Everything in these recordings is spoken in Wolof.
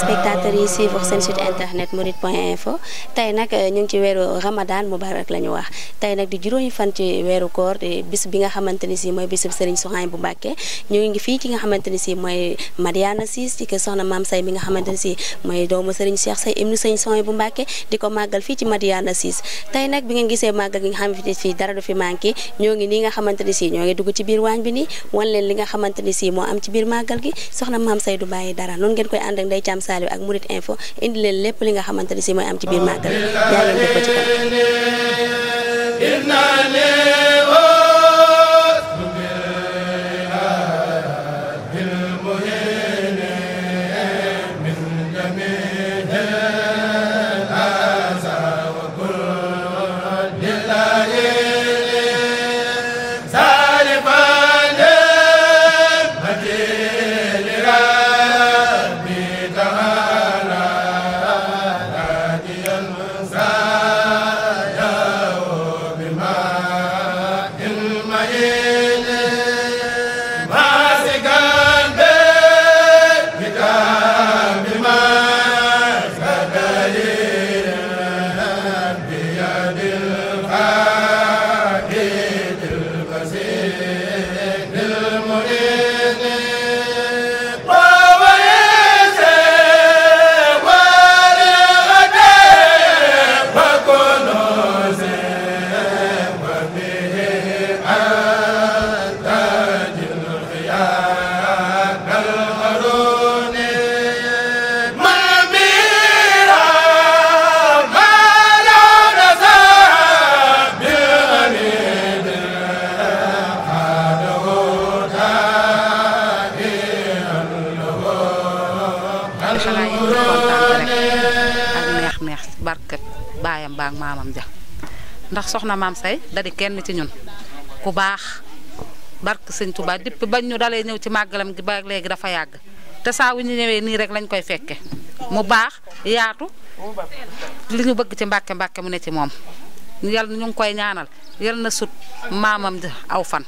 téléspectateurs yi suivre seen site internet mourides point info tey nag euh, ñu ngi ci weeru ramadan mubarak la ñu wax tey nag di juróomi fan ci weeru koor bis bi nga xamante ni si mooy bisub Serigne Souhaïbou Mbacké ñu ngi fii ci nga xamante ni si mooy Madiana Ciss ci kër soxna maam say mi nga xamante ni si mooy doomu Serigne Cheikh say ibnu Serigne Souhaïbou Mbacké di ko màggal fii ci Madiana Ciss tey nag bi ngeen gisee màggal gi nga xamante ni si dara du fi manqué ñoo ngi nii nga xamante ni si ñoo ngi dugg ci biir waañ bi li nga xamante ni si moo am ci biir màggal gi soxna maam say du bàyyi dara noonu ngeen koy ànd ak Ndeye Thiam Saliou ak Mouride Info indi leen lépp li nga xamante ni si mooy am ci biir màggal yaa ngeen def ba ci kanam Yeah. بيد ndax soxna maam say da kenn ci ñun ku baax barke sëñ Touba dipp bañ ñu dalee ñëw ci màggalam gi ba léegi dafa yàgg te saa ñu ñëwee nii rek lañu koy fekke mu baax yaatu li ñu bëgg ci mbàkke mbàkke mu ne ci moom yal ñu ngi koy ñaanal yal na sut maamam ja aw fan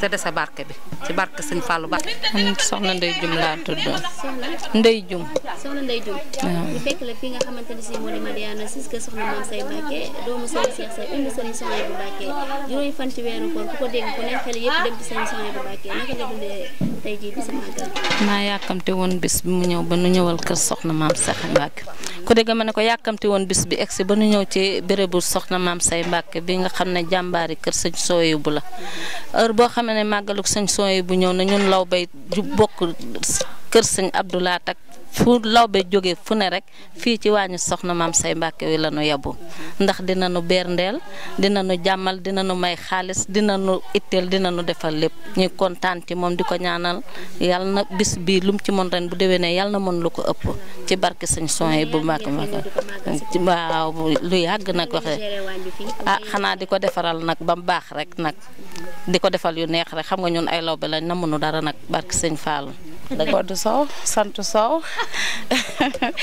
te dese barke bi ci barke sëñ Fallou Ba. Mm, soxna laa tudd. soxna Ndeye xamante ne si yàkkamte woon bis bi mu ñëw ba nu ñëwal kër soxna Mame Say Mbacké. ku dégg ma ne ko yàkkamti woon bis bi egsi ba nu ñëw ci bérébu soxna maam say Mbàkke bi nga xam ne jàmbaari kër sëñ sooyu bu la heure boo xamee ne màggaluk sëñ sooyu bu ñëw na ñun law bay ju bokk kër sëñ Abdou Lahat ak fu lawbe jóge fu ne rek fii ci waañu soxna maam say mbàkke wi la nu yabu ndax dina nu berndeel dina nu jàmmal dina nu may xaalis dina nu itteel dina nu defal lépp ñuy kontaan ci moom di ko ñaanal yàlla na bis bii lum ci mën ren bu déwénee yàlla na mën lu ko ëpp ci barke sëñ yi bu mbàkke mbàkke waaw lu yàgg nag waxe ah xanaa di ko defaral nag ba mu baax rek nag di ko defal yu neex rek xam nga ñun ay lawbe lañ na mënu dara nag barke sëñ Fallou Codou Sow sant Sow.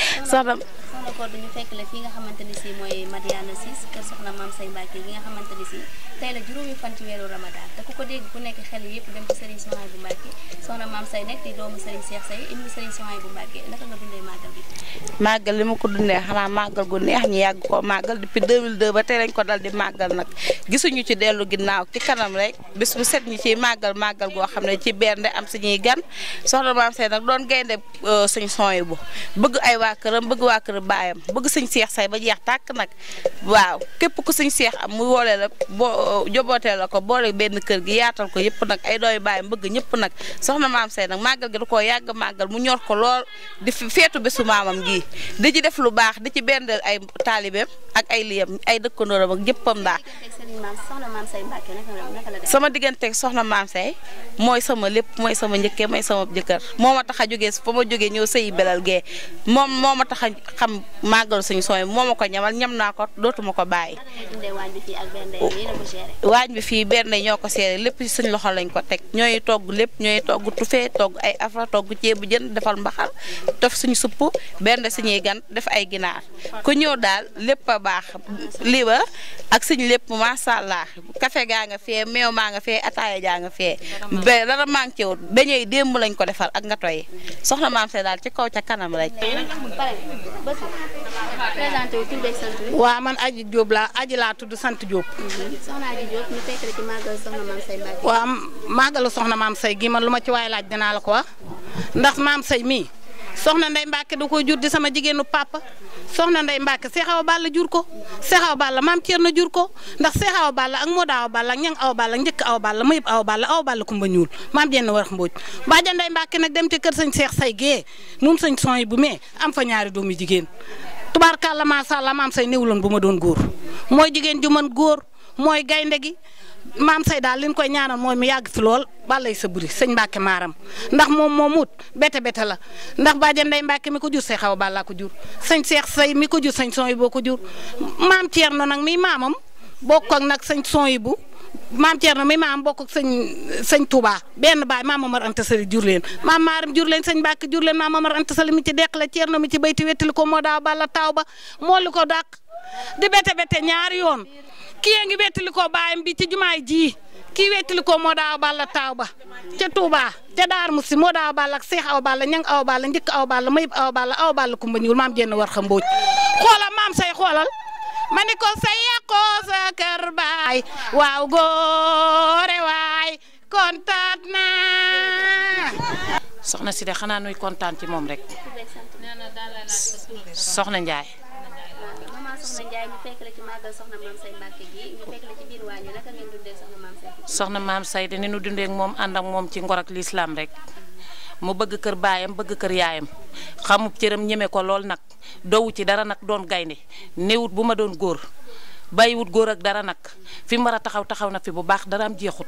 encore dañu fekk la fii nga xamante si mooy Madiana Ciss soxna maam say Mbacke gi nga si la juróomi fan ci Ramadan te ku ko dégg nekk xel yëpp dem ci Serigne Souhaïbou Mbacke soxna maam say nekk di doomu Serigne Cheikh say indi Serigne Mbacke naka nga dundee màggal bi màggal li ko dundee xanaa màggal gu neex ñu yàgg ko depuis 2002 ba lañ ko dal di màggal nag ci dellu ginnaaw ci kanam rek bis bu set ñu ciy màggal màggal goo xam ci bernde am suñuy gan soxna maam say nag doon gaynde eh, Serigne Souhaïbou bëgg ay bëgg baayam bëgg sëñ seex say ba jeex tàkk nag waaw képp ku sëñ seex am mu woole la boo jobootee la ko boole benn kër gi yaatal ko yëpp nag ay dooy baayam bëgg ñëpp nag soxna maam say nag màggal gi koo yàgg màggal mu ñor ko lool di feetu bésu maamam gii di ci def lu baax di ci benn ay taalibeem ak ay liyam ay dëkkandooram ak jëppam daa sama digganteeg soxna maam say mooy sama lépp mooy sama njëkkee mooy sama jëkkër moo ma tax a jógee fa ma jógee ñëw sëyi belal gee moom moo ma tax a xam moom màggalu suñu sooy moom ma ko ñamal ñam naa ko dootuma ko bàyyi. waañ bi fii benn ñoo ko seere lépp suñ loxo lañ ko teg ñooy togg lépp ñooy togg tufe togg ay afra togg ceebu jën defal mbaxal def suñu supp benn suñuy gan def ay ginaar ku ñëw daal lépp a baax lii ak suñ lépp macha allah kafe gaa nga fee meew maa nga fee ataaya jaa nga fee ba dara maa ngi ci wut démb lañ ko defal ak nga toy soxna maam see daal ci kaw ca kanam rek waa man Aji Diop laa Aji laa tudd sant jóob mhm. soxna Aji la soxna maam say gii waaw man lu ma ci waay laaj dinaa la ko wax ndax maam say mii soxna nday mbaake da ko jur di sama jigéenu papa soxna nday Mbacke Cheikh Awa Balla jur ko Cheikh Awa Balla maam na jur ko ndax Cheikh Awa Balla ak Modou da Balla ak aw Awa njëkk Awa Balla mayëb Awa Balla Awa Balla kumba ñuul maam jenn warax mbooj baaja nday Mbacke nag dem ci kër sëñ Cheikh say gee moom sëñ son yi bu mee am fa ñaari doomu jigéen tubaarkàlla maasàllaa maam say néewuloon bu ma doon góor mooy jigéen ju mën góor mooy gaynde gi maam say daal li ñu koy ñaanal mooy mu yàgg fi lool balay sa buri sëñ Mbacke maaram ndax moom moo muut bete bete la ndax bàjjen Ndeye Mbacke mi ko jur say xaw bàllaa ko jur sëñ Cheikh say mi ko jur sëñ son yi boo ko jur maam Thierno nag mi maamam bokk ak nag sëñ son yi bu maam Thierno mi maam bokk ak sëñ sëñ Touba benn baay maam Mamar Anta Sali jur leen maam maaram jur leen sëñ Mbacke jur leen maam Mamar Anta Sali mi ci deq la Thierno mi ci béyti wettali ko moo daaw balla taaw ba moo li ko dàq di bete bete ñaari yoon. kii ngi wettali ko baayam bi ci jumaay ji kii wettali ko moo daaw balla taaw ba ca Touba ca Daar Moussi moo daaw balla aw balla ñang aw balla njëkk aw balla mayib aw balla aw balla kumba ñuul maam jenn war xam mbóoj xoolal maam say xoolal ma ko say yàqoo sa kër baay waaw góore waay kontaan naa soxna si de xanaa nuy kontaan ci moom rek soxna Njaay màggal soxna maam say Mbàkke gi maam say. soxna nu dundee moom ànd ak moom ci ngor ak lislaam rek. mu bëgg kër baayam bëgg kër yaayam xamub cëram ñeme ko lool nag dowu ci dara nag doon gaynde néewut bu ma doon góor bàyyiwut góor ak dara nag fi war a taxaw taxaw na fi bu baax dara am jeexut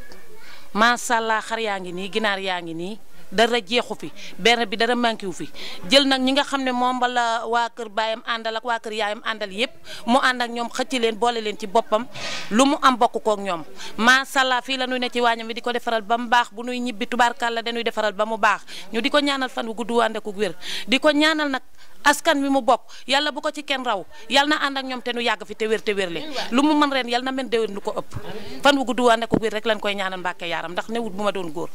macha allah xar yaa ngi nii ginaar yaa ngi nii. dara jeexu fi benn bi dara manqué wu fi jël nag ñi nga xam ne moom bala waa kër baayam àndal ak waa kër yaayam àndal yëpp mu ànd ak ñoom xëcc leen boole leen ci boppam lu mu am bokk kook ñoom maasàllaa fii la ñuy ne ci waañam bi di ko defaral ba mu baax bu nuy ñibbi tubaarkàlla dañuy defaral ba mu baax ñu di ko ñaanal fan wu gudd wàndeku wér di ko ñaanal nag askan wi mu bokk yàlla bu ko ci kenn raw yàlla na ànd ak ñoom te nu yàgg fi te wér te wér le lu mu mën ren yàlla na mel déwén nu ko ëpp fan wu gudd waa nekk lañ koy ñaanal mbàkke yaaram ndax newut bu ma doon góor